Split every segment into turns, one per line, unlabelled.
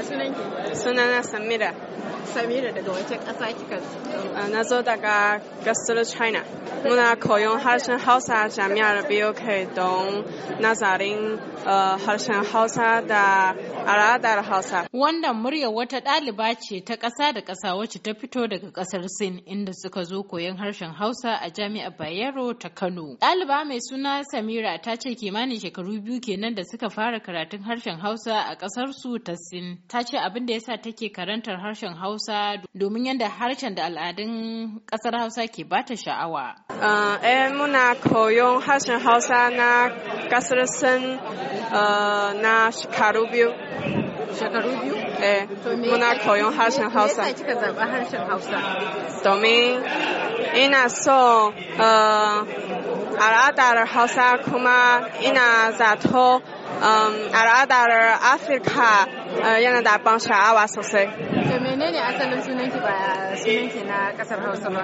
Sunana Samira. Samira daga wata ƙasa kika uh, Na zo daga Gasar China. Muna koyon harshen Hausa jami'ar BOK don nazarin uh, harshen Hausa da al'adar Hausa. Wannan murya wata ɗaliba ce ta ƙasa da ƙasa wacce ta fito daga ƙasar Sin inda suka zo koyon harshen Hausa a jami'ar Bayero ta Kano. Ɗaliba mai suna Samira ta ce kimanin shekaru biyu kenan da suka fara karatun harshen Hausa a ƙasar su ta Sin. ta ce abin da yasa take karantar harshen Hausa domin yadda harshen da al'adun ƙasar Hausa ke bata sha'awa. Ah, eh muna koyon harshen Hausa na ƙasar Sin ah, na shekaru biyu. Shekaru biyu? Eh, muna koyon harshen Hausa. Me kika harshen Hausa? Domin ina so ah, al'adar Hausa kuma ina zato um, al'adar Afirka Eh, yana da ban sha'awa sosai. To menene asalin sunanki ba sunanki na kasar Hausa ba?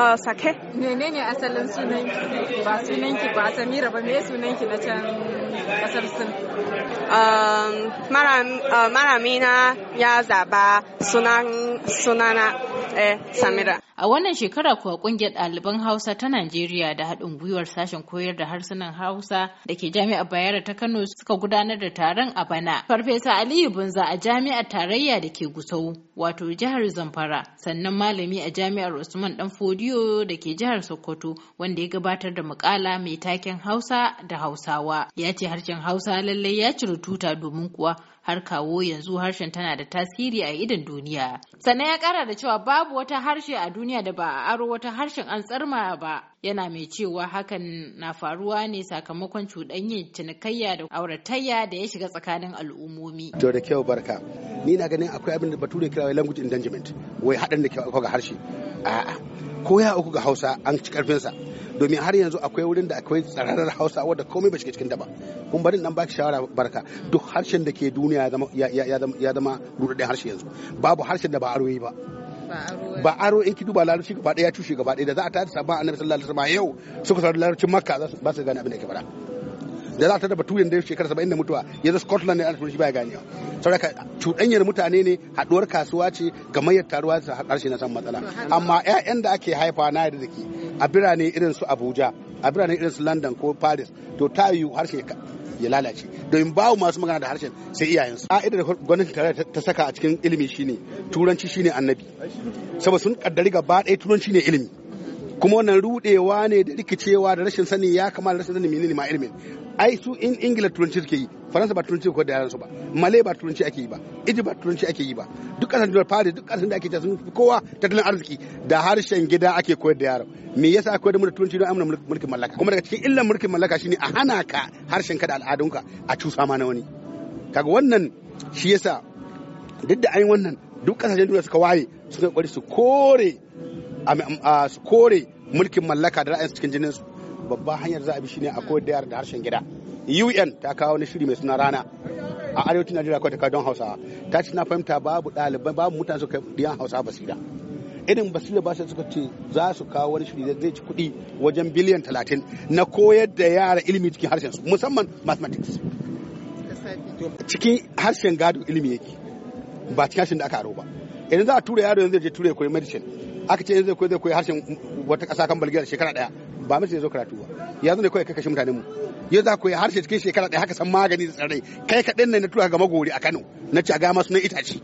Uh, sake. Menene asalin sunanki ba sunanki ba Samira ba me sunanki na can kasar Sin? Um, eh, maramina ya zaba sunan sunana eh, Samira. A wannan shekara kuwa kungiyar ɗaliban Hausa ta Najeriya da haɗin gwiwar sashen koyar da harsunan Hausa da ke jami'ar Bayero ta Kano suka gudanar da taron a bana. Farfesa Aliyu Bunza a jami'ar tarayya da ke Gusau, wato jihar Zamfara, sannan malami a jami'ar Usman Dan Fodiyo da ke jihar Sokoto, wanda ya gabatar da mukala mai taken Hausa da Hausawa. Ya ce harshen Hausa lallai ya ciri tuta domin kuwa har kawo yanzu harshen tana da tasiri a idon duniya sannan ya kara da cewa babu wata harshe a duniya da ba a aro wata harshen an tsarma ba yana mai cewa hakan na faruwa ne sakamakon cuɗanyin cinikayya da auratayya da ya shiga tsakanin al'ummomi.
To da kyau barka. Ni na ganin akwai abin da bature kira language endangerment wai haɗin da kyau ga harshe. A'a ko ya uku ga Hausa an ci karfinsa. domin har yanzu akwai wurin da akwai tsararar hausa wadda komai ba shiga cikin daba kuma barin nan baki shawara barka duk harshen da ke duniya ya zama rudadden harshe yanzu babu harshen da ba aroyi e ba ba aro e. e in ki duba larabci gaba daya tushe gaba daya da za a tada sabon annabi sallallahu alaihi wasallam yau suka saurari larabcin makka ba su gane abin da ke fara. da za ta da baturen da shekara saba'in da mutuwa yanzu scotland ne a turanci baya ganewa saboda cuɗanyar mutane ne haɗuwar kasuwa ce ga gamayyar taruwa su harshe na san matsala amma 'ya'yan da ake haifa na yadda ke a birane irin su abuja a birane irin su london ko paris to ta yiwu harshe ya lalace domin babu masu magana da harshen sai iyayensu a da gwamnatin tare ta saka a cikin ilimi shine turanci shine annabi saboda sun kaddari gaba ɗaya turanci ne ilimi kuma wannan rudewa ne da rikicewa da rashin sani ya kamata rashin sani menene ma ilimin ai su in ingila turanci suke yi faransa ba turanci ko da yaran su ba male ba turanci ake yi ba iji ba turanci ake yi ba duk kasashen da fari duk kasashen da ake sun kowa tattalin arziki da harshen gida ake koyar da yaran me yasa koyar da mu turanci don amna mulkin mallaka kuma daga cikin illan mulkin mallaka shine a hana ka harshen ka da al'adunka a cusa ma na wani kaga wannan shi yasa duk da an yi wannan duk kasashen duniya suka waye suka kwari su kore su kore mulkin mallaka da ra'ayin cikin jininsu babban hanyar za a bi shine a koyar da yara da harshen gida UN ta kawo wani shiri mai suna rana a arewacin Najeriya kawai ta kawo don Hausawa ta ce na fahimta babu ɗaliban babu mutane suka diyan Hausawa basira irin basira ba suka ce za su kawo wani shiri da zai ci kuɗi wajen biliyan talatin na koyar da yara ilimi cikin harshen su musamman mathematics cikin harshen gado ilimi yake ba cikin harshen da aka aro ba idan za a tura yaro yanzu je tura ya koyi medicine aka ce zai koyi zai koyi harshen wata ƙasa kan bulgaria shekara ɗaya ba mace zai zo karatu ba yanzu ne koya kai kashe mutanen mu yau za ku yi harshe cikin shekara ɗaya haka san magani da tsarai kai ka ne na tura ga magori a kano na ci a gama su na itace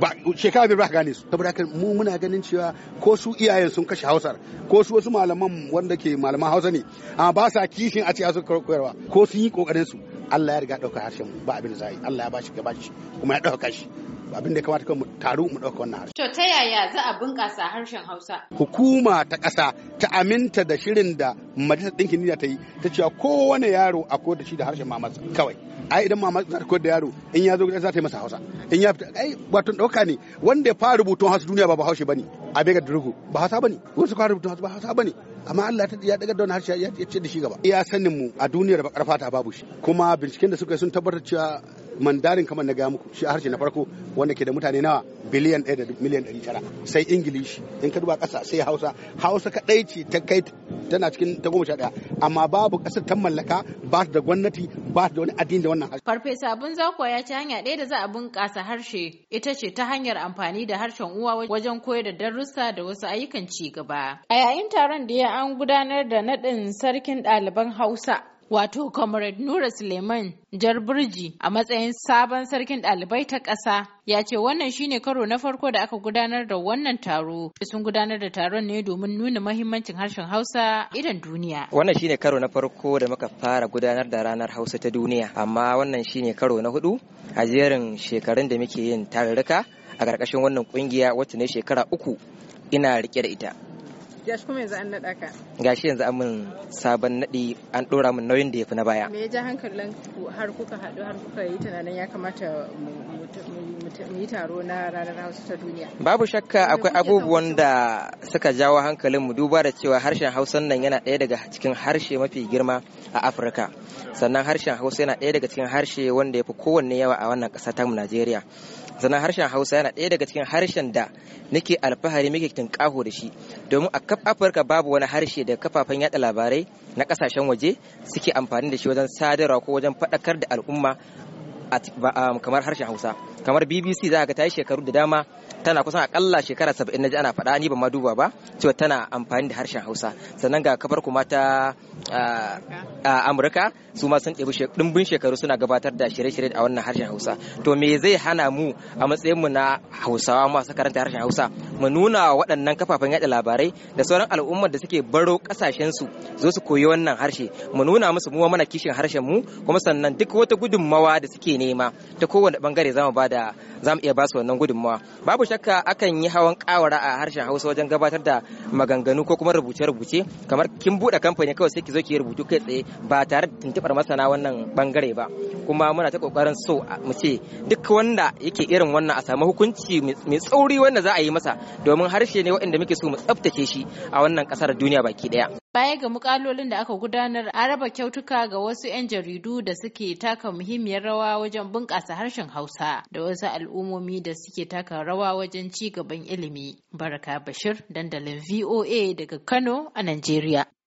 ba shekara biyar ba gane su saboda haka mu muna ganin cewa ko su iyayen sun kashe hausar ko su wasu malaman wanda ke malaman hausa ne amma ba sa kishin a ce a su koyarwa ko sun yi kokarin su Allah ya riga ɗaukar harshen ba abin da za yi Allah ya bashi bashi kuma ya dauka shi abin da kamata mu taru mu ɗauka wannan harshe.
To ta yaya za a bunƙasa harshen Hausa?
Hukuma ta ƙasa ta aminta da shirin da Majalisar Ɗinkin Duniya ta yi ta cewa kowane yaro a koda shi da harshen mamansa kawai. Ai idan mama za ta koyar da yaro in ya zo gida za ta yi masa Hausa. In ya fita ai wato ɗauka ne wanda ya fara rubutun Hausa duniya ba ba Hausa bane. A bai ga durugu ba Hausa bane. su fara rubutun Hausa ba Hausa bane. amma Allah ya daga da wani harshe ya ce da shi gaba. Iya sanin mu a duniyar ba fata babu shi. Kuma binciken da suka yi sun tabbatar cewa mandarin kamar na gaya muku shi harshe na farko wanda ke da mutane nawa biliyan ɗaya da miliyan ɗari tara sai ingilishi in ka duba ƙasa sai hausa hausa kaɗai ce ta kai tana cikin ta goma sha ɗaya amma babu ƙasar ta mallaka ba su da gwamnati ba su da wani addini da wannan harshe.
farfesa abun za ya ci hanya ɗaya da za a bunƙasa harshe ita ce ta hanyar amfani da harshen uwa wajen koyar da darussa da wasu ayyukan ci gaba. a yayin taron da ya an gudanar da naɗin sarkin ɗaliban hausa wato comrade Nura Suleiman Jar burji a matsayin sabon sarkin ɗalibai ta ƙasa ya ce wannan shine karo na farko da aka gudanar da wannan taro sun gudanar da taron ne domin nuna mahimmancin harshen Hausa idan duniya.
Wannan shine karo na farko da muka fara gudanar da ranar Hausa ta duniya amma wannan shine karo na hudu a jerin shekarun da muke yin tarurruka a ƙarƙashin wannan ƙungiya wacce ne shekara uku ina rike da ita.
gashi kuma yanzu an naɗa ka
gashi yanzu an mun sabon naɗi an ɗora mun nauyin da ya fi na baya me
ya ja hankalin har kuka haɗu har kuka yi tunanin ya kamata mu yi taro na ranar Hausa ta duniya.
Babu shakka akwai abubuwan da suka jawo hankalin mu duba da cewa harshen Hausan nan yana ɗaya daga cikin harshe mafi girma a Afirka. Sannan harshen Hausa yana ɗaya daga cikin harshe wanda ya fi kowanne yawa a wannan ƙasa ta Najeriya. sannan harshen hausa yana ɗaya daga cikin harshen da nake alfahari muke ƙaho da shi domin a kaf afirka babu wani harshe da kafafen yada labarai na ƙasashen waje suke amfani da shi wajen sadarwa ko wajen faɗakar da al'umma kamar harshen Hausa kamar BBC za ga ta yi shekaru da dama tana kusan akalla shekara saba'in na ji ana faɗa ni ba ma duba ba cewa tana amfani da harshen Hausa sannan ga kafar kuma ta a amurka su ma sun ɗibi ɗimbin shekaru suna gabatar da shirye-shirye a wannan harshen hausa to me zai hana mu a matsayin matsayinmu na hausawa masu karanta harshen hausa mu nuna waɗannan kafafen yaɗa labarai da sauran al'ummar da suke baro ƙasashensu zo su koyi wannan harshe mu nuna musu muwa mana kishin harshen mu kuma sannan duk wata gudunmawa da suke nema ta kowane bangare zamu bada zamu iya basu wannan gudunmawa babu shakka akan yi hawan kawara a harshen hausa wajen gabatar da maganganu ko kuma rubuce-rubuce kamar kin buɗe kamfani kawai sai ki zo ki rubutu kai tsaye ba tare da tuntubar masana wannan bangare ba kuma muna ta kokarin so mu ce duk wanda yake irin wannan a samu hukunci mai tsauri wanda za a yi masa domin harshe ne waɗanda muke so mu tsaftace shi a wannan ƙasar duniya baki ɗaya.
Baya ga mukalolin da aka gudanar an raba kyautuka ga wasu 'yan jaridu da suke taka muhimmiyar rawa wajen bunƙasa harshen Hausa da wasu al'ummomi da suke taka rawa wajen ci gaban ilimi. Baraka Bashir dandalin VOA daga Kano a Najeriya.